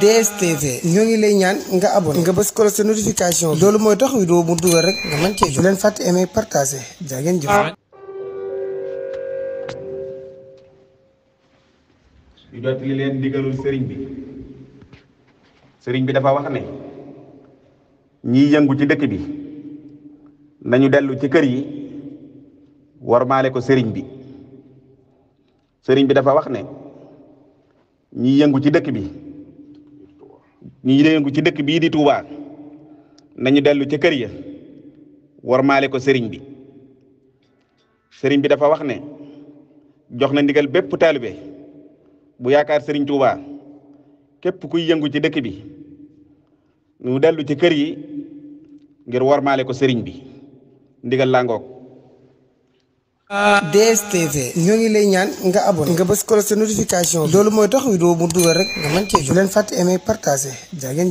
DSTV ñoo ngi lay ñaan nga abonné nga bëss ko sa notification loolu moy tax vidéo mu duggal rek nga man ci jóg leen fàtte aimer partager ja ngeen jëf yu dot li leen digalul sëriñ bi sëriñ bi dafa wax né ñi yëngu ci dëkk bi nañu déllu ci kër yi warmaale ko sëriñ bi sëriñ bi dafa wax né ñi yëngu ci dëkk bi ñi yëngu ci dëkk bii di Touba nañu dellu ca kër ya warmaale ko sëriñ bi sëriñ bi dafa wax ne jox na ndigal bépp taalibe bu yaakaar sëriñ Touba képp kuy yëngu ci dëkk bi ñu dellu ci kër yi ngir warmaale ko sëriñ bi ndigal laa ngoog DSTV ñoo ngi lay ñaan nga abonné nga bës ko sa notification loolu mooy tax vidéo bu dugal rek nga mën cee leen fàtte aimer partager jaa ngeen